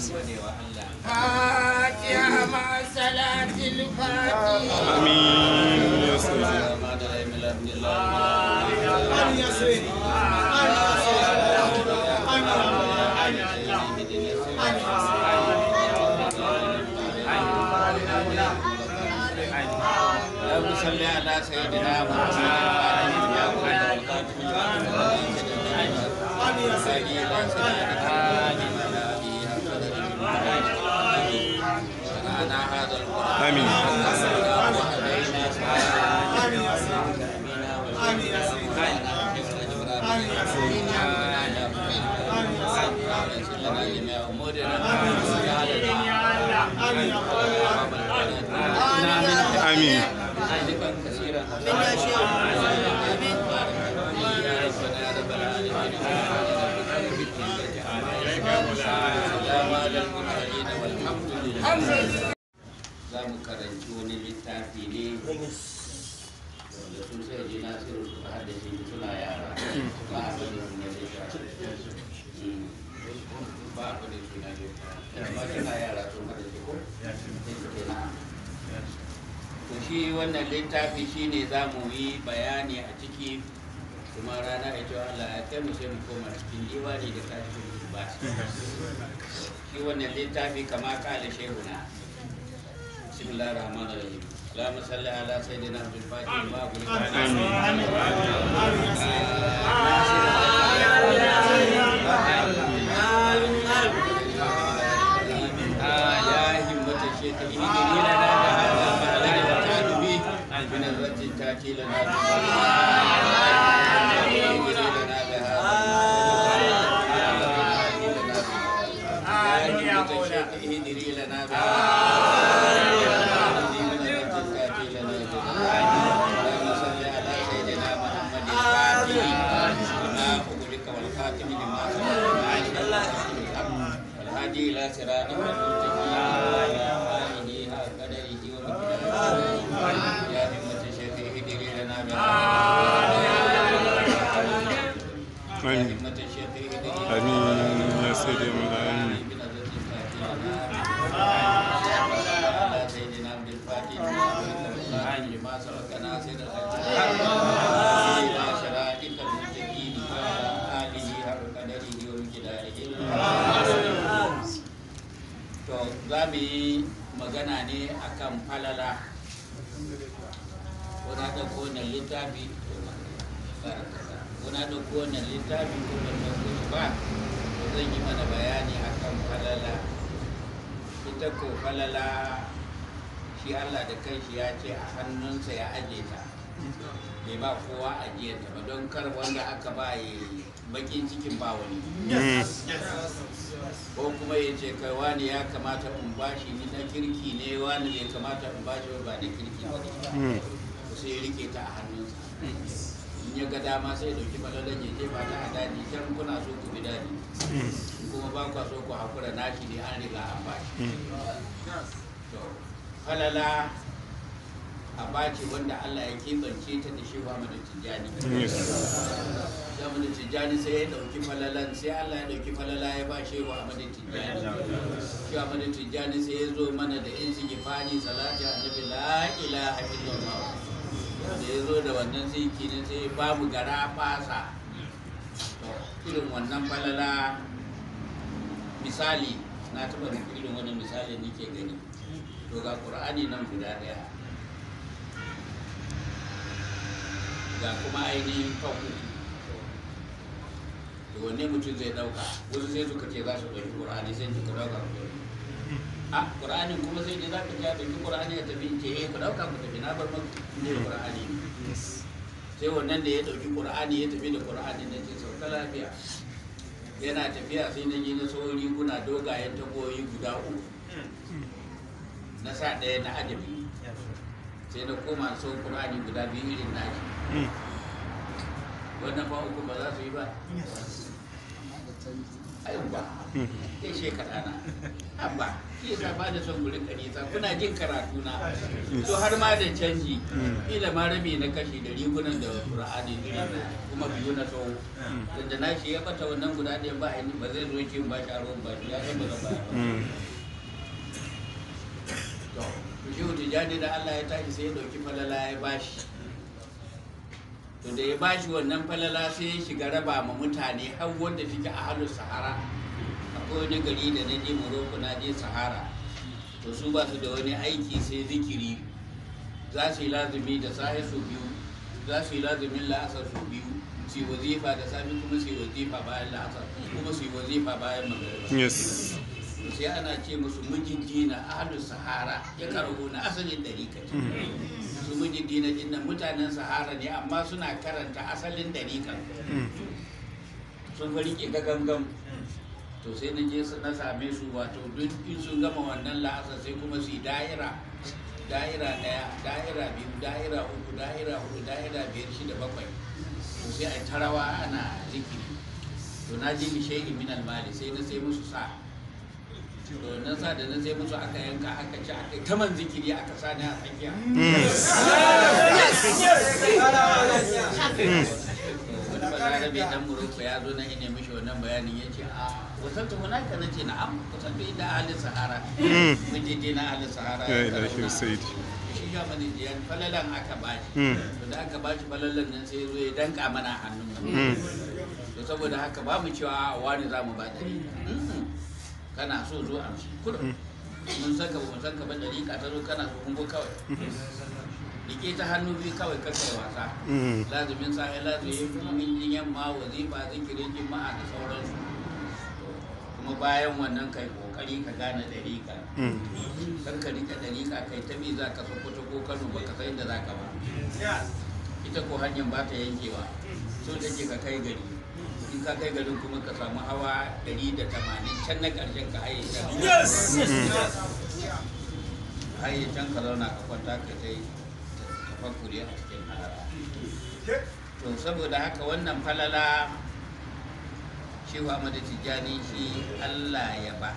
فاتحة مع صلاة الفاتحة آمين يا سيدي آمين يا سيدي اللهم صل على سيدنا محمد يا آله وصحبه وسلم Amin. Amen. za karanci wani littafi ne wanda sun sai ji nasiru su ba da shi suna yara ba a bari da na hmm. ba a bari da suna yara sun ba da shi ko to shi wannan littafi shine za mu yi bayani a ciki kuma rana ita Allah ya kai mu sai mu koma cikin diwani da kafin ba shi wannan littafi kama kala shehuna بسم الله الرحمن الرحيم اللهم صل على سيدنا عبد الفاتح ما من الرجل تأتي لنا hannunsa ya aje ta bai ba kowa ajiye ta ba don kar wanda aka ba ya bakin cikin ba wani ko kuma ya ce kai wani ya kamata in bashi ni na kirki ne wani bai kamata in bashi ba da kirki ba ne hmm. sai ya rike ta a hannunsa in ya ga dama sai dauki malalan ya ba ta a daji can kuna so ku bi daji hmm. kuma ba kwa so ku hakura nashi ne an riga an bashi hmm. falala aba ce wanda Allah ya keɓance ta da shehu Ahmadu Tijjani. Ahmadu Tijjani sai ya ɗauki falalan sai Allah ya ɗauki falala ya ba shehu Ahmadu Tijjani. Shehu Ahmadu Tijjani sai ya zo mana da in gifani salati annabi la ilaha illallah. Da ya zo da wannan ziki ne sai babu gara fasa. Irin wannan falala misali na taɓa irin wani misali nake gani. To ga Ƙur'ani nan guda daya. ga kuma ainihin kanku to wanne mutum zai dauka wasu sai suka ce za su ɗauki ƙur'ani sai suka dauka ku ɗauki a ƙur'anin kuma sai dai za ka ja ɗauki ƙur'ani ya tafi ce eh ku dauka ku tafi na bar maku ƙur'ani sai wannan da ya ɗauki ƙur'ani ya tafi da ƙur'ani na ce sauka lafiya yana tafiya sai na yi na sauri riguna dogayen tagoyi guda uku na sa ɗaya na adabi sai na koma so qur'ani guda biyu irin naji eh. wannan ba ba za su yi ba aiwa hmm. Ya shekara na Abba, shi yasa ba da son gurin kanisa kuna jin karatu na to har ma da canji hmm. kila ma rabi na kashi da rigunan da qur'ani kuma biyu na tsawo hmm. da na shi ya bata wannan guda ɗaya ba ba zai zo kin ba shi a ruwan ba shi ya san ba ba shehu tijjani da Allah ya tashi sai ya dauki falala ya bashi to da ya bashi wannan falala sai ya shiga raba ma mutane har wanda suke a halin sahara akwai wani gari da na je Morocco na je sahara to su ba su da wani aiki sai zikiri za su yi lazumi da sahi su biyu za su yi lazumin la'asar su biyu su yi wazifa da sami kuma su yi wazifa bayan la'asar kuma su yi wazifa bayan magariba sai ana ce musu mujidina ahlu sahara ya karo na asalin dariƙa su mm. mijin dina nan mutanen sahara ne amma suna karanta asalin dariƙa mm. sun fari ke gangan to sai na je na same su wato duk in sun gama wannan la'asa sai kuma su yi da'ira da'ira daya da'ira biyu da'ira uku da'ira hudu da'ira biyar shida bakwai to sai a tarawa ana zikiri to na ji bishai min almali sai na sai musu sa na sa da na sai musu aka yanka aka ci aka ta man zikiri aka sa ni a tsakiya mm. Mm. wani balarabe dan muroko ya zo na ina mishi wannan bayanin ya ce a ah, wasanta hunaka na ce na'am kusantu inda ahalin sahara mm. je na ahalin sahara ya yi shi ya mani jiyan falalan aka bashi da aka bashi falalan nan sai zo ya danka mana hannun to saboda haka ba mu cewa ah, wani za mu ba ɗari kana so zo a kullum mm. mun san ka ba mun san ka ba dalika ta zo kana so kungo kawai mm. rike ta hannu biyu kawai kakar wasa mm. lazumin sa ya lazumi kuma injin yamma wazifa zikirin a da sauransu kuma bayan wannan kai kokari ka gane dariƙa Kan ka rike dariƙa kai ta bi za ka sokoto ko kano ba ka san da za ka ba ita ko hanyar ba ta yankewa so take ka kai gari in ka kai garin kuma ka samu hawa 180 can na ƙarshen ka haye can mm-hmm. yes haye can ka zauna ka kwanta ka kai tafakuri a cikin hara. to saboda haka wannan falala shi wa tijjani shi Allah ya ba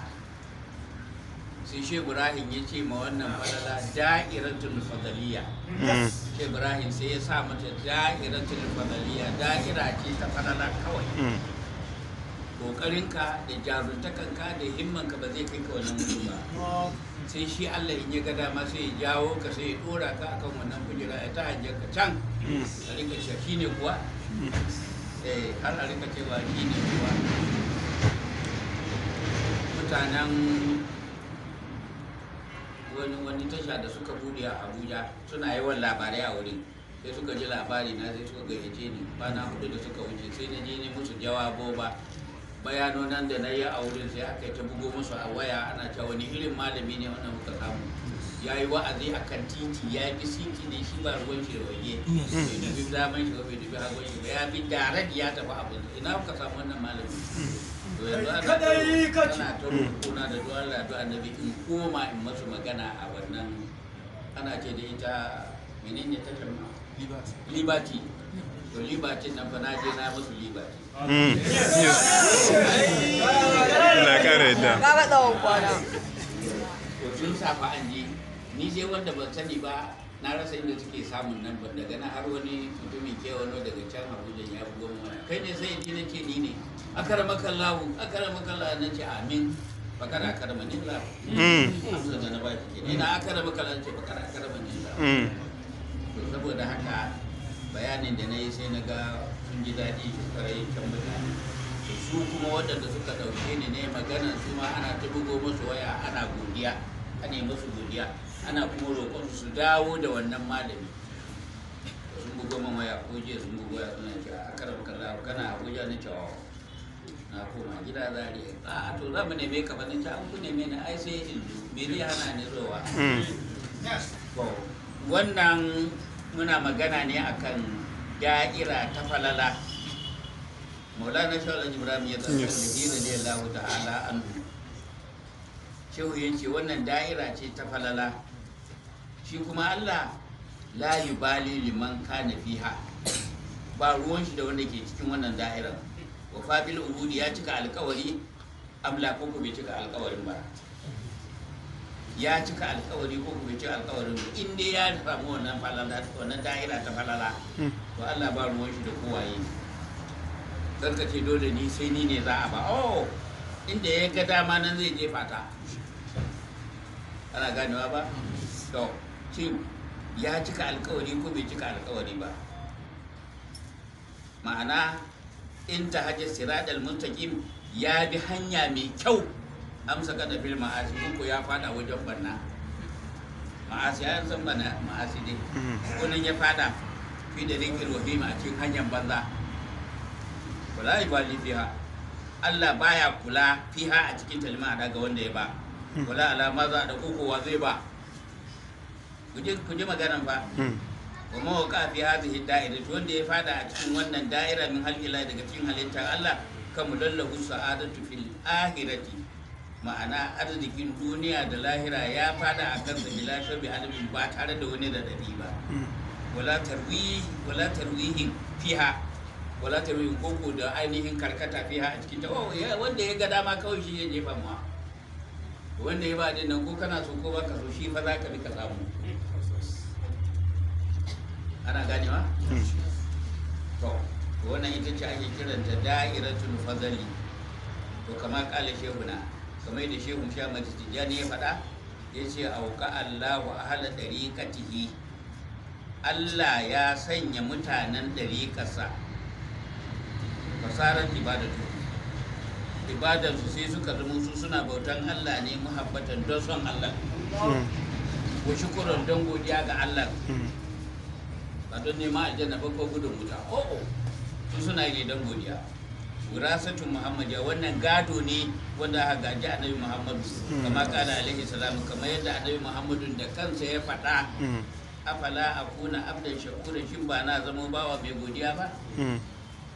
sai shi ibrahim ya ce ma wannan falala da'iratul fadaliya mm. shi ibrahim sai ya sa mata da'iratul fadaliya da'ira ce ta falala kawai mm. kokarinka da jaruntakanka da himmanka ba zai kai ka wannan gudu ba sai shi Allah in ya ga dama sai ya jawo ka sai ya dora ka akan wannan kujera ya ta hanyar ka can mm. a rika shi ne kuwa eh, har a rika cewa shi ne kuwa mutanen wani wani tasha da suka bude a abuja suna yawan labarai a wurin sai suka ji labari na sai suka gayyace ni na hudu da suka wuce sai na je ne musu jawabo ba Bayano nan da na yi a wurin sai aka ta bugo musu a waya ana ta wani irin malami ne wannan muka samu ya yi wa'azi a kan titi ya bi siti ne shi ba ruwan shi roye bai dubi zaman shi ba bai dubi hagon shi ba ya bi darad ya tafi abin ina kuka samu wannan malami kada yi kaci kuna da duwar ladu annabi in koma in masu magana a wannan ana ce da ita menene ta kalma liberty to liberty nan fa na je na musu liberty na kare da ka ga tsawon kwana to tun safa an ni je wanda ban sani ba na rasa inda suke samun nan ba daga na har wani mutumin no daga can abuja ya bugo mana kai ne sai ji nace ni ne akara makallahu akara makallahu na ce amin bakara akara mani la hmm. amsa da na ba ki ne na akara makallahu ce bakara akara mani la hmm. to saboda haka bayanin da na yi sai na ga sun ji dadi karai kan mutane su kuma wadanda suka dauke ni ne magana su ma ana ta bugo musu waya ana godiya ana musu godiya ana kuma roƙon su dawo da wannan malami sun bugo man ya ko jiya sun bugo ya suna ce a karam kaza kana abuja na cewa na koma gida zari a to za mu neme ka na ce an ku neme na ai sai in me ne hana ne zowa hmm. wannan muna magana ne akan da'ira ta falala maulana shawarar ibrahim ya tsarkar da ne allahu ta'ala an shehu ya ce wannan da'ira ce ta falala shi kuma Allah la yubali liman kana fiha ba ruwan shi da wanda ke cikin wannan da'irar wa fabil ubudi ya cika alkawari amla ko ku bai cika alkawarin ba ya cika alkawari ko ku bai cika alkawarin ba in dai ya samu wannan falala wannan da'ira ta falala to Allah ba ruwan shi da kowaye zan ce dole ni sai ni ne za a ba oh inda ya ga dama nan zai jefa ta ana ganewa ba to shin ya cika alkawari ko bai cika alkawari ba ma'ana in ta hajji siradal muntakim ya bi hanya mai kyau amsa kada fil ma'asi ko ya fada wajen banna. ma'asi ya san bana ma'asi ne mm-hmm. kunan ya fada fi da rikir wahima a cikin hanyar banza wala yubali fiha Allah baya kula fiha a cikin talima daga wanda ya ba kula mm. alama za da wa zai ba ku ji maganan fa hmm. wa mawaka fi hadhihi da'ira to wanda ya fada a cikin wannan da'ira min halila daga cikin halitta Allah kamu lallahu sa'adatu fil akhirati ma'ana arzikin duniya da lahira ya fada a kansa bila bi alamin ba tare da wani radadi ba hmm. wala tarwihi wala tarwihi fiha wala tarwihi koko da ainihin karkata fiha a cikin ta oh, wanda ya ga dama kawai shi ya jefa mu wanda ya ba nan ko kana so ko baka so shi fa za ka bi ka samu ana ganewa hmm. to wannan ita ce ake kiranta da'iratul fazali to kama kala shehuna kamar da shehun sha majiji ya faɗa ya ce auka allahu ahala ɗariƙatihi allah ya sanya mutanen ɗariƙarsa fasarar ibadatu ibadarsu sai suka zama su suna bautan allah ne muhabbatan don son allah ko hmm. shukuran don godiya ga allah hmm. A don nema aljanna ba ko gudun wuta o'o su suna yi don godiya wirasatu muhammadiya wannan gado ne wanda aka gaji annabi muhammadu hmm. kama kana alaihi salam kamar yadda annabi muhammadu da kansa ya faɗa hmm. afala akuna abdan shakura shin ba na zama bawa mai godiya ba hmm.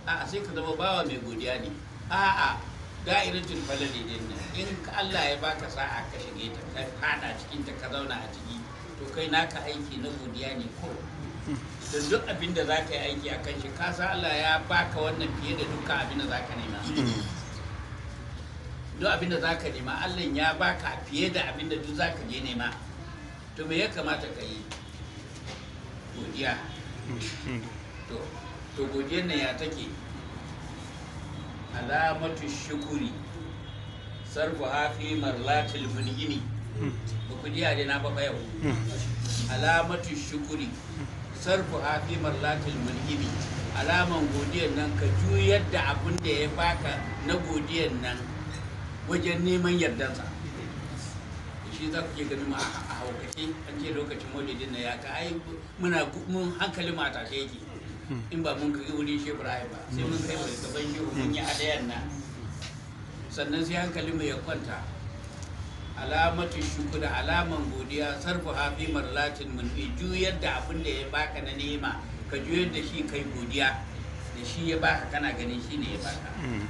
a sai ka zama bawa mai godiya ne a'a tulfalar falali din nan in Allah ya baka sa'a ka shige ta ka fada cikin ta ka zauna a ciki to kai naka aiki na godiya ne ko da duk abin da za ka yi aiki a shi ka Allah ya baka wannan fiye da duka abin da za ka nema mm-hmm. duk abin da za ka nema Allah ya baka fiye da abin da duk za ka je nema to me ya kamata ka yi godiya mm-hmm. to godiyar nan ya take alamatu shukuri sarfu hafi marlatil munini mm-hmm. ba ku diya na ba yau alamatu shukuri sarfu hafi marlatul mulhibi alaman godiyar nan ka juyar da abin da ya baka na godiyar nan wajen neman yardansa shi za ku ke gani ma a haukace an ce lokacin maulidin na ya ka ai muna mun hankali mata shi yake in ba mun kai wurin shi ba sai mun kai wani gaban shi mun yi dayan nan sannan sai hankali mu ya kwanta alamatu shukur alaman godiya sarfu hafi marlatin munfi juyar da abin da ya baka na nema ka juyar da shi kai godiya da shi ya baka kana ganin shi ne ya baka mm.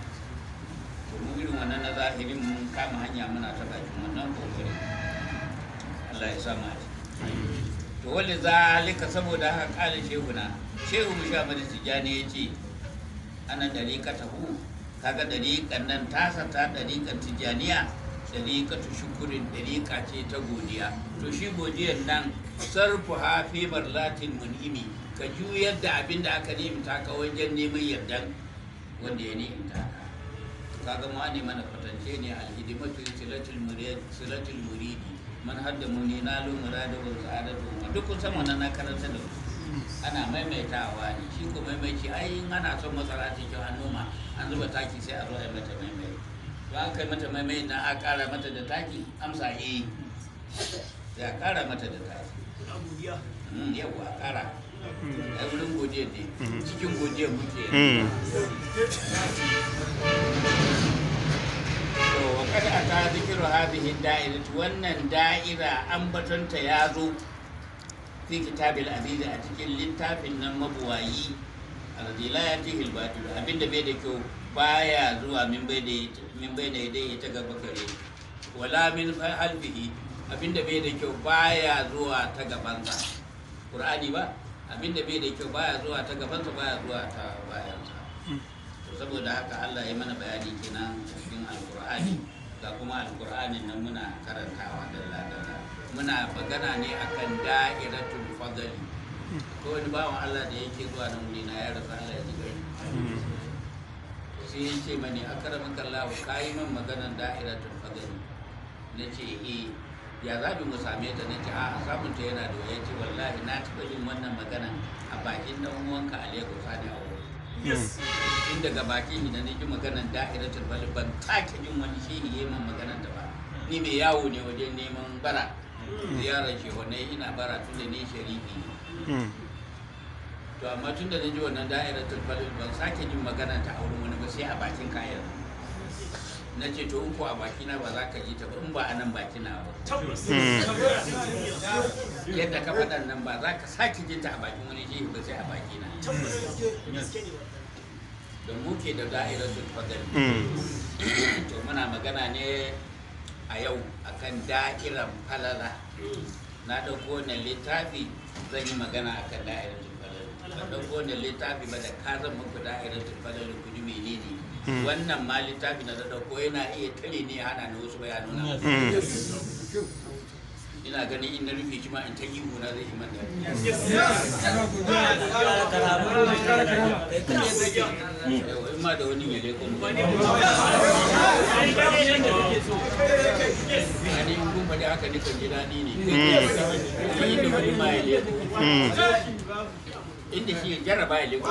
to mu irin wannan na zahirin mun kama hanya muna ta bakin wannan kokari Allah ya sa mu to wani zalika saboda haka shehu shehuna shehu mushamadu tijani ya ce ana dariƙa tahu kaga dariƙan nan tasa ta dariƙan tijjaniya Dalika ta shukurin dalika ce ta godiya to shi godiyar nan sarfu hafi barlatin munimi ka juyar da abin da aka ta ka wajen neman yardan wanda ya ta ka ga ma ne mana kwatance ne alhidimatu silatul murid silatul muridi man hadda muni lu murada wa sa'adatu duk kun mana na karanta da ana maimaitawa ne shi ko maimaici ai ana son masara cikin hannuma an zuba taki sai a zo a mata maimaita da aka yi mata maimai na a kara mata da taki amsa eh ya kara mata da taki hmm, Yau a kara a wurin godiya ne hmm. cikin godiya muke hmm. to wakar a ta zikiru hadihin da'ira wannan da'ira ambatonta ya zo fi kitabil aziz a cikin littafin nan mabuwayi a radila ya fi hilbatul abinda bai da kyau baya zuwa min bai da yadai ta gaba kare wala min alfihi abinda bai da kyau baya zuwa ta gabansa ƙur'ani ba abinda bai da kyau baya zuwa ta gabansa baya zuwa ta bayansa saboda haka Allah ya mana bayani kenan cikin alƙur'ani ga kuma alƙur'anin nan muna karantawa da dalla muna magana ne akan da'iratul fadli ko wani bawan Allah da yake zuwa nan wuri na ya rasa Allah ya sai ya ce mani a karamin kallahu ka yi min da'ira tun fagani na ce e ya za mu same ta na ce a samunta yana da ya ce wallahi na taɓa yin wannan maganan a bakin dan uwanka a lagos a ne a in daga bakin idan na ji maganan tun bali ban take jin wani shi ya man maganan da ba ni mai yawo ne wajen neman bara ziyarar hmm. shehonai ina bara tun da ne shari'i hmm. ne to amma tun da ji wannan da'irar tulfalil ban sake jin magana ta wurin wani ba sai a bakin kayan na ce to uku a bakina ba za ka ji ta ba in ba a nan bakina ba hmm. yadda ka faɗa nan ba za ka sake jin ta a bakin wani shi ba sai a bakina da muke da da'irar tulfalil hmm. to muna magana ne a yau akan da'irar falala hmm. na ɗauko wannan littafi zan yi magana akan da'irar ka ɗauko littafi ba da ka zan muku da'iratul fadl ku menene hmm. wannan ma littafi na da ɗauko yana iya tare ne hana na wasu na. Hmm. ina ganin in na rufe shi ma in ta yi na zai iman da ma da wani ya leko a ne in kuma da haka nikan ji daɗi ne hmm. in da wani ma ya leko inda shi jarraba ya leko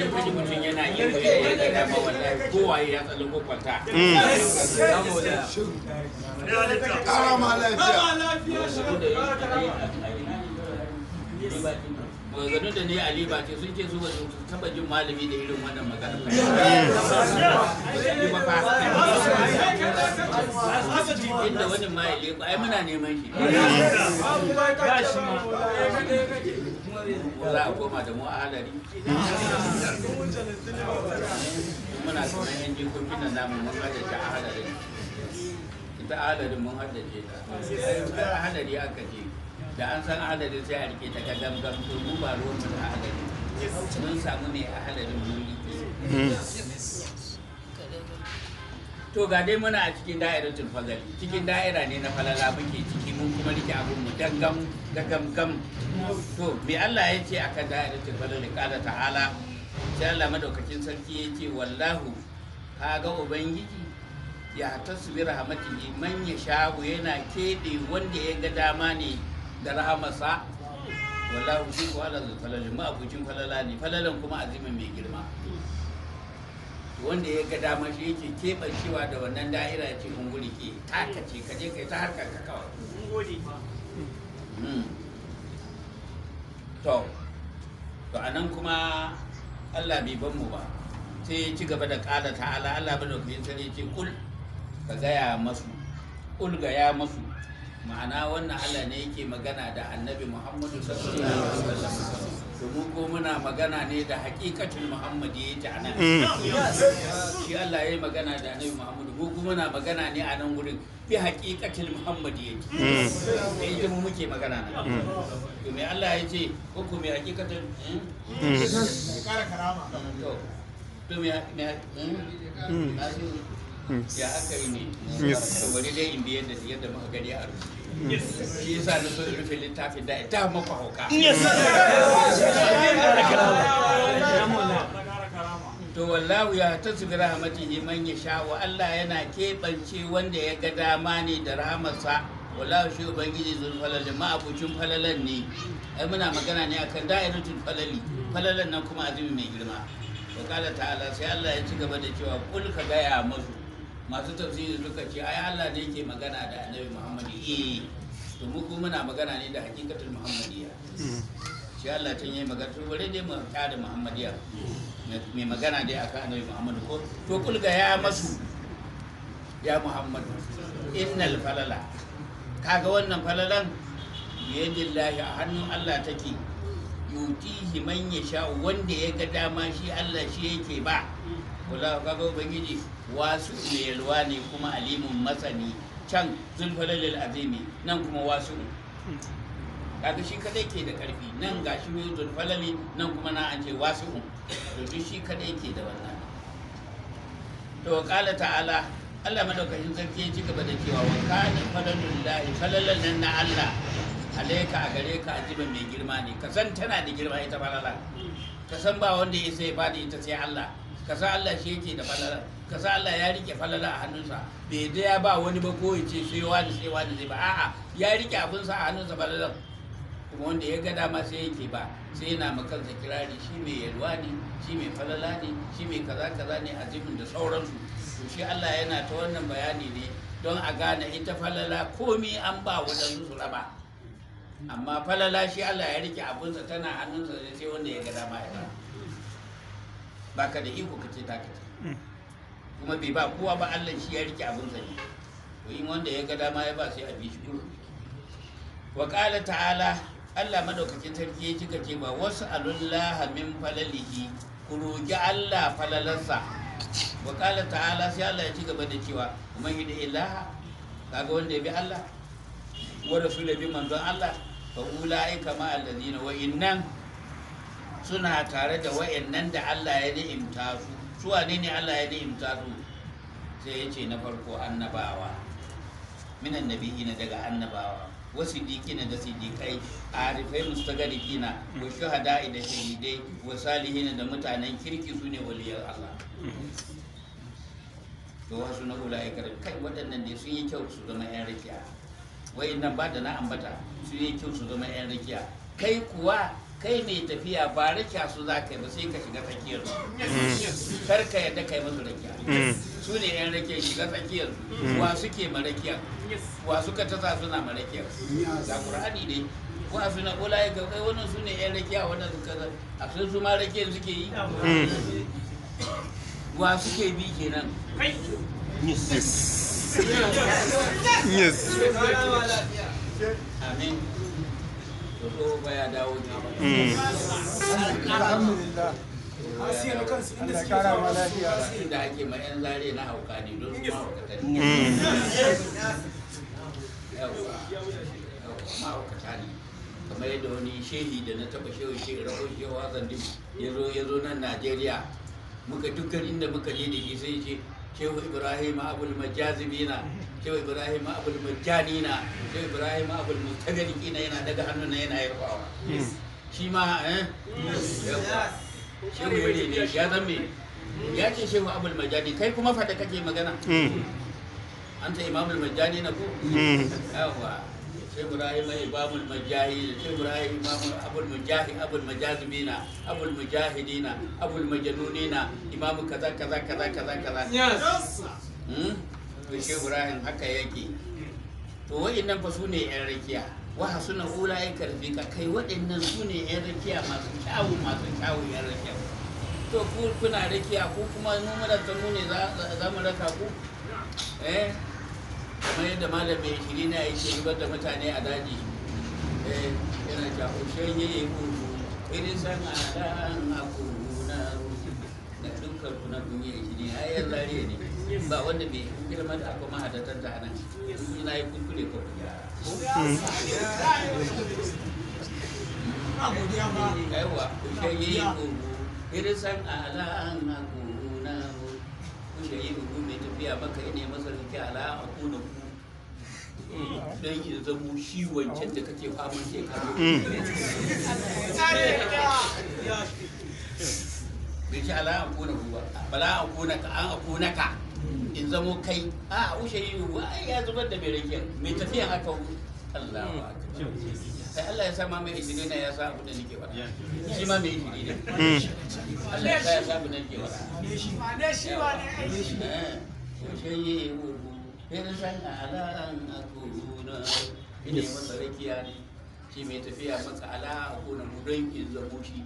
in mutum yana yin da ya yi dama ma wallahi kowa ya tsalin kwakwanta kara mm. ma lafiya maganganu da ne a sun ce su ba su taba jin malami da irin wannan magana ba inda wani ma ya leba ai muna neman shi za a koma da mu a halari muna kuma yan jikokin nan namu mun haddace a halari ita halarin mun haddace ta hadari aka je da an san adadin sai a rike ta kadan gam to mu ba ruwan mu da adadin mun samu ne a adadin mu to ga dai muna a cikin da'iratul fazali cikin da'ira ne na falala muke ciki mun kuma rike abin mu dangam dangam to me Allah ya ce akan da'iratul fazali qala ta'ala sai Allah madaukakin sarki ya ce wallahu Ka ga ubangiji ya tasbira rahmatihi man yasha yana kebe wanda ya ga dama ne da rahamarsa wallahu shi ko ala falalin ma abucin falala ne falalan kuma azimin mai girma wanda ya ga damar shi yake cewa da wannan da'ira ya ce unguri ke taka ce ka je kai ta harkar ka kawai hmm. to to anan kuma Allah bai ban mu ba sai ya ci gaba da ƙala ta'ala Allah bai da kuyin sani ce kul ka gaya masu kul ga ya masu ma'ana wannan Allah ne yake magana da annabi Muhammadu sallallahu alaihi domin muna magana ne da hakikatin Muhammadu ya ta nan shi Allah ya yi magana da annabi Muhammadu ko muna magana ne a nan wurin bi hakikatin Muhammadu ya ta da ita mu muke magana nan to Allah ya ce ko ku me hmm? hmm? Hmm. ya aka yi ne dai yadda a shi yasa rufe littafin da ita to wallahu ya ta su bi rahmatihi ya sha wa Allah yana keɓance wanda ya ga dama ne da rahamarsa wallahu shi ubangiji zul falal ma'abucin falalan ne ai muna magana ne akan da'iratul falali falalan nan kuma azumi mai girma to kala ta'ala sai Allah ya ci gaba da cewa kul ka gaya masu masu tafsiri suka ce ai Allah ne ke magana da annabi Muhammad eh to mu kuma muna magana ne da hakikatul Muhammadiyya shi Allah tun yayi magana to bare dai mu ta da Muhammadiyya mai magana dai akan annabi Muhammad ko to kulga ya masu ya Muhammad innal falala kaga wannan falalan biyadillahi a hannun Allah take yutihi man yasha wanda ya ga dama shi Allah shi yake ba kula kaga ubangiji wasu mai yalwa ne kuma alimun masani can zulfalalil azimi nan kuma wasu kaga shi kadai ke da karfi nan shi mai zulfalali nan kuma na an ce wasu to duk shi kadai ke da wannan to kala ta'ala Allah madaukakin sarki ya ci gaba da cewa wa kana falalullahi falalan nan na Allah alaika a gare ka ajiba mai girma ne ka san tana da girma ita falala ka san ba wanda ya sai fadi ita sai Allah ka san Allah shi yake da falala Kasa Allah ya rike falala a hannunsa bai yadda ya ba wani ba ko ya ce sai wani sai wani sai ba a'a ya rike abinsa a hannunsa falalan kuma wanda ya ga dama sai yake ba sai yana ma kansa kirari shi mai yalwa ne shi mai falala ne shi mai kaza kaza ne jibin da sauransu to shi Allah yana ta wannan bayani ne don a gane ita falala komi an ba wadansu su raba amma falala shi Allah ya rike abinsa tana hannunsa sai wanda ya ga dama ya ba ka da iko kace ta kace kuma bai ba kowa ba Allah shi ya rike abin sa ne to in wanda ya ga dama ya ba sai a bi shi gurin wa qala ta'ala Allah madaukakin sarki ya kika ce ba wasu alullaha min falalihi ku roki Allah falalarsa wa qala ta'ala sai Allah ya ci gaba da cewa man da ilaha kaga wanda ya bi Allah wa rasul bi manzon Allah fa ulaika ma alladhina wa innan suna tare da wa'annan da Allah ya ni'imta su su wane ne Allah ya ni'imta su sai ya ce na farko annabawa minan nabiyina daga annabawa wasu dikina da sidikai arifai rufai mustagarikina wa shuhada'i da shahidai wa salihina da mutanen kirki su ne waliyar Allah to wasu na ula'ikar kai waɗannan ne sun yi kyau su zama 'yan rikiya Wai nan ba da na ambata sun yi kyau su zama 'yan rikiya kai kuwa kai mai tafiya ba rakiya su za ka yi ba sai ka shiga tsakiyar su mm. kar ka yadda kai musu rakiya mm. su ne yan rakiya shiga tsakiyar mm. wa suke marakiya wa suka tasa suna marakiya da qur'ani ne a suna kula ya kai wani su ne yan rakiya wannan suka a sun su ma suke yi wa suke bi kenan yes zo baya dawo da ake ma yan zare na hauka ne don kamar yadda wani shehi da na taba shehu shehu rahon shehu hazan ya zo nan najeriya muka dukkan inda muka je da shi sai ce shehu ibrahim abul majazibina shehu ibrahim abul majanina shehu ibrahim abul mustagriqina yana daga hannun na yana yarbawa hmm. shi ma eh shehu ne ne ya zamme ya ce shehu abul majani kai kuma fata kake magana hmm. an ta imamul majani na ko hmm. Yawwa. ibrahim ibamul mujahid ibrahim imamul abul mujahid abul majazmina abul mujahidina abul majanunina imamu kaza kaza kaza kaza kaza yes hmm to shi ibrahim haka yake to wa'annan fa sune yan rakiya wa hasuna ulai karfika kai waɗannan sune yan rakiya masu kyawu masu kyawu yan rakiya to ku kuna rakiya ku kuma mu mun da mu ne za mu raka ku eh kamar yadda mai shiri na yi ce da mutane a daji eh, yana jahushen yi kuru irin san a a kuru na na dukkan kuna duniya shiri a yi lariya ne ba wanda girma da akwai mahadatar da na yi ko yi kuru irin san a kuru na bi a maka ina masa rike ala a kuna ku don yi zamo shi wancan da kake faman ke kawo ala a kuna ku ba bala an a kuna ka in zamo kai a ya zubar da mai tafiya haka Allah Allah ya sa ma mai izini na ya sa abu da nake wa shi ma mai izini ne mm. Allah ya sa abu da nake wa ne shi ba ne shi eh. ne shayyihu hirsan ala an akuna ina masa rakiya ne shi mai tafiya masa ala mu don in shi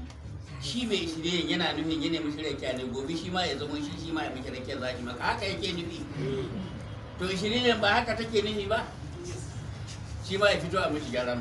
shi mai yana nufin yana mishi rakiya ne gobe shi ma ya shi shi ma ya mishi rakiya maka haka yake nufi to ba haka take nufi ba shi ma ya fito a mishi gyara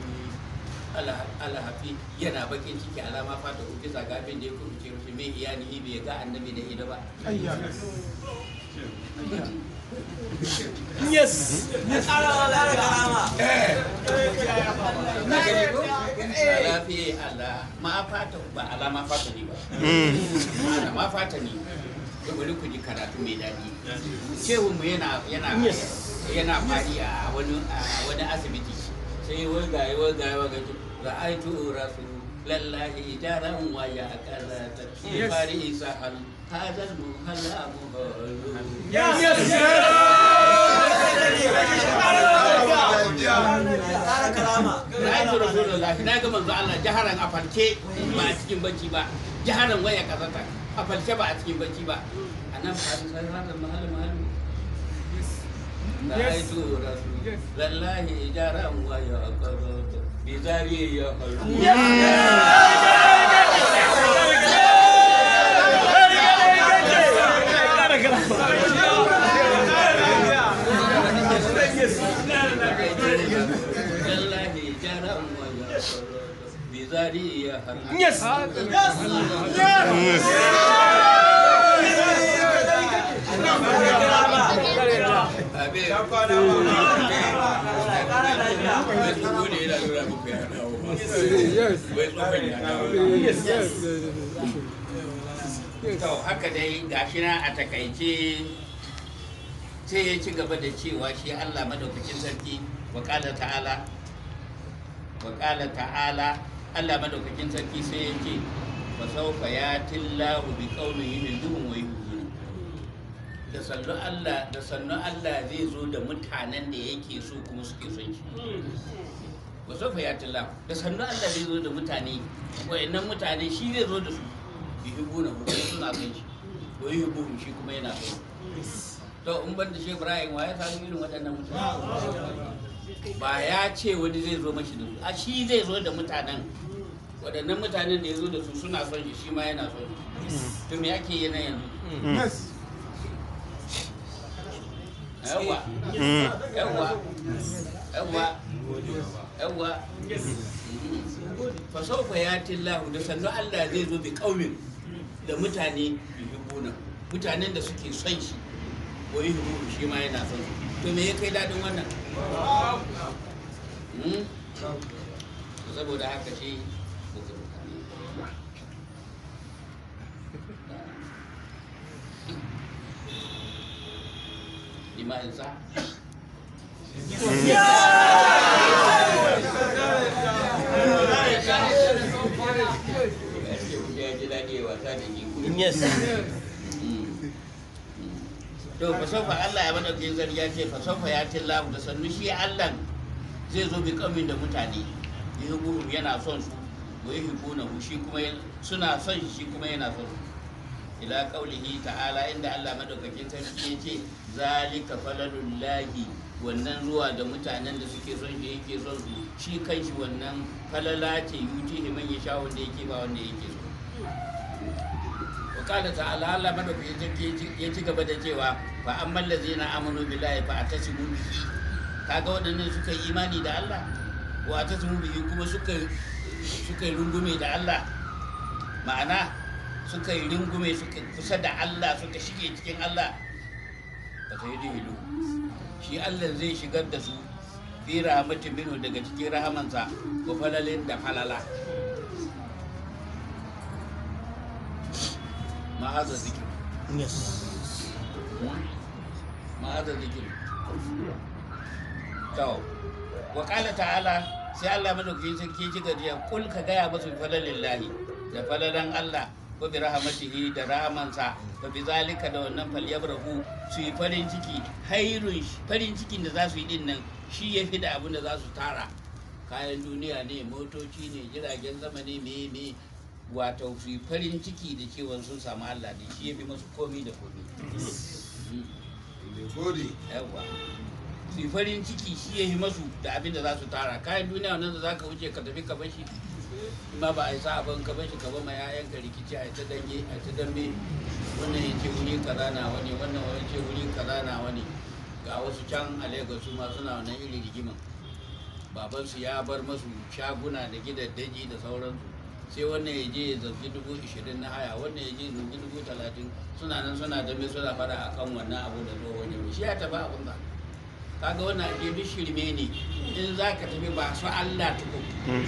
alhafi yana bakin ciki alama fata uku bisa ga da ya kuma ce rushe mai iyalihi bai ga annabi da ido ba yes yes alafi ala ma fata ba alama fata ne ba hmm. ma fata ne da bari ku karatu mai daɗi cewun mu yana yana yana fadi a wani asibiti sai wai ga wai ga wai ga ra'aitu rasul lallahi Yes. yes yes na ga manzo Allah a بزاري يا بزاري يا يس يس يس yes to haka dai gashi na a takaice sai ya ci gaba da cewa shi Allah madaukakin sarki waƙala ta'ala waƙala ta'ala Allah madaukakin sarki sai ya ce fa sawfa yatillahu bi qaumihi min duhum wa yuhzun da sannu Allah da sannu Allah zai zo da mutanen da yake so kuma suke son shi wa fa ya tilla da sannu Allah zai zo da mutane wayannan mutane shi zai zo da su yuhibbuna hu suna son shi wa yuhibbuhum shi kuma yana son to in ban da shi Ibrahim wa ya samu irin waɗannan mutane ba ya ce wani zai zo mashi da su a shi zai zo da mutanen waɗannan mutanen da ya zo da su suna son shi shi ma yana son shi to me ake yana yanzu yawa yawa yawa yawwa fa ya yati Allahu da sannu Allah zai zo bi qaumin da mutane yuhibbuna mutanen da suke son shi wa yuhibbu shi ma yana son to me ya kai daɗin wannan hmm? saboda haka shi Lima Elsa. Yeah! yes mm. to fasofa Allah ya madauki zari ya ce fasofa ya ce lahu da sannu shi Allah zai zo bi kamin da mutane yuhibbuhum yana son su shi kuma suna son shi kuma yana son su ila kaulihi ta'ala inda Allah madaukakin sarki ya ce zalika falalullahi wannan zuwa da mutanen da suke son shi yake son su shi kanshi wannan falala ce yuti himan ya sha wanda yake ba wanda yake so kala ta'ala Allah ku ya ci gaba da cewa fa amman lazina amanu billahi fa atasimu bihi kaga waɗannan suka yi imani da Allah wa atasimu bihi kuma suka suka yi rungume da Allah ma'ana suka yi rungume suka kusa da Allah suka shige cikin Allah ba ta yi hilu shi Allah zai shigar da su fi rahmatin minu daga cikin rahamansa ko falalin da falala ma'aza zikir yes ma'aza zikir to wa qala ta'ala sai Allah madaukakin sarki ji gajiya kul ka gaya musu falalillahi da falalan Allah ko bi rahmatihi da rahamansa fa bi zalika da wannan falyabrahu su yi farin ciki hairun farin cikin da za su yi din nan shi yafi da abin da za su tara kayan duniya ne motoci ne jiragen zama ne me me wato su farin ciki da cewa sun samu Allah da shi ya fi masu komi da komi yawa su farin ciki shi ya yi masu da abin da za su tara kayan duniya nan da za ka wuce ka tafi ka bashi ma ba a yi sa abin ka bashi ka ba ma yayan ka rikici a ta danye a ta dambe wannan ya ce wuri kaza na wani wannan ya ce wuri kaza na wani ga wasu can a Lagos su ma suna wannan irin rigimin. babansu ya bar masu shaguna da gidaddaji da sauransu sai wannan ya je ya zargi dubu ishirin na haya wannan ya je ya zargi dubu talatin suna nan suna mai suna fara a kan wannan abu da zuwa wani. shi ya tafi abin ba kaga wannan ake bi shirme ne in za ka tafi ba su allah tuku. in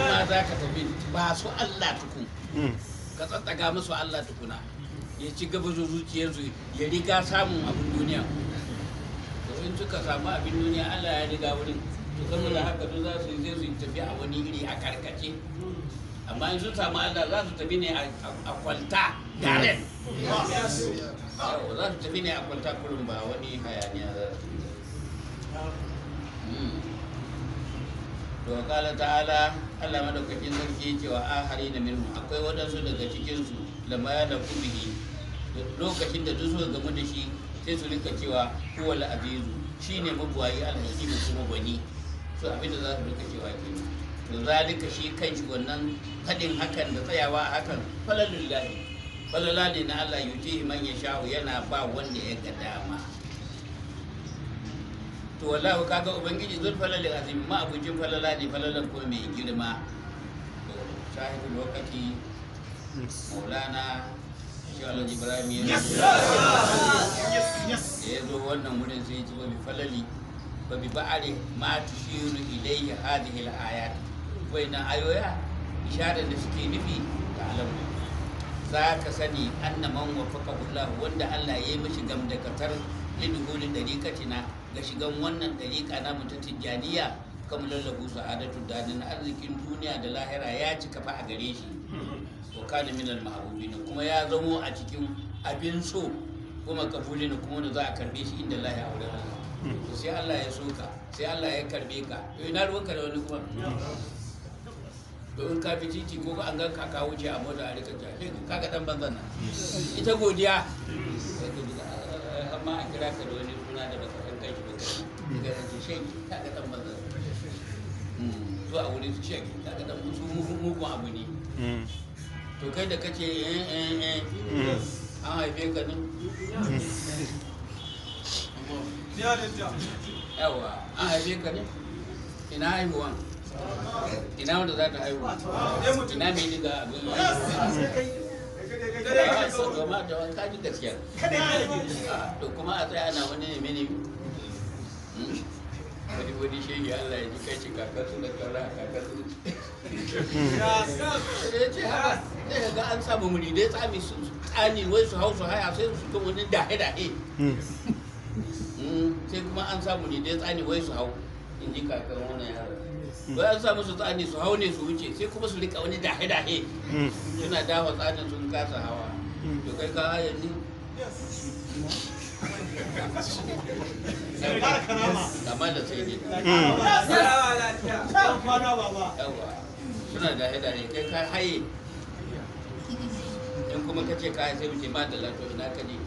ma za ka tafi ba su allah tuku. ka tsattaka musu allah tukuna ya ci gaba zuciyarsu ya riga samun abin duniya in suka samu abin duniya allah ya riga wurin to saboda haka duk za su yi zai tafi a wani iri a karkace amma in sun samu Allah za su tafi ne a kwalta direct za su tafi ne a kwalta kurum ba wani hayaniya za su yi hmm. to kala ta'ala Allah madaukakin sarki yake wa ahari da minhu akwai waɗansu daga cikin su lama ya da kubihi lokacin da duk suka gamu da shi sai su rika cewa huwal azizu shine mabuwayi alhakimu kuma bani to abin da za su rika cewa ke to duka shi kan shi wannan faɗin hakan da tsayawa a hakan lahi falala ne na Allah yutihi man sha'u yana ba wanda ya ga dama to wallahi kaga ubangiji zul falalin azim ma abincin falala ne falalan ko mai girma to shahidu lokaci. maulana Allah Ibrahim ya zo wannan wurin sai ya ci wani falali ba bi ba'ari ma tushiru ilayhi hadhihi al-ayat na ayoya isharar da suke nufi ta alamu za ka sani anna man wafaqahu Allah wanda Allah ya yi mishi gamdakatar lidhuli dariqatina ga shigan wannan dariqa na Tijjaniya? ta tijaniya kamar lallahu sa'adatu dadin arzikin duniya da lahira ya cika fa a gare shi wa kana min al kuma ya zamo a cikin abin so kuma kabulin kuma da za a karbe shi inda Allah ya aure Allah sai Allah ya ka, sai Allah ya karbe ka yau na ruwanka da wani kuma domin ka fi titi ko an gan ka wuce a mota a rika jafe ka ga dan banzan nan ita godiya eh, amma a kira ka da wani suna da baka san kai ba kai ga ce shege ka ga dan banzan to a wurin shege ka ga dan su mugun abu ne to kai da kace eh eh eh an haife ka nan yawa an haife ka ne ina haihuwan ina wanda za ta haihu ina mai ni ga abin gama da wani gaskiya to kuma a tsaya ana wani ne mini hmm? wani wani shehi Allah ya ji kai shi kakar su da kara kakar su ya eh, ce haka zai ga an samu muridai tsami su tsani wai su hau su haya sai su kuma wani dahe-dahe hmm. sai kuma an samu ne dai tsani wai su hau in ji kakar wani yaro wai an samu su tsani su hau ne su wuce sai kuma su rika wani dahe-dahe suna dawa tsanin sun kasa hawa to kai ka haya ne kama da sai ne suna dahe-dahe kai ka haye in kuma ka ce ka sai wuce ma da lato ina ka ne